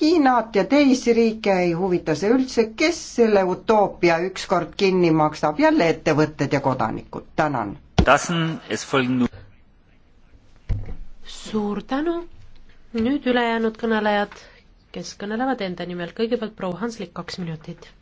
Hiinat ja teisi riike ei huvita see üldse, kes selle utoopia ükskord kinni maksab, jälle ettevõtted ja kodanikud, tänan. suur tänu, nüüd ülejäänud kõnelejad, kes kõnelevad enda nimel, kõigepealt proua Hanslik, kaks minutit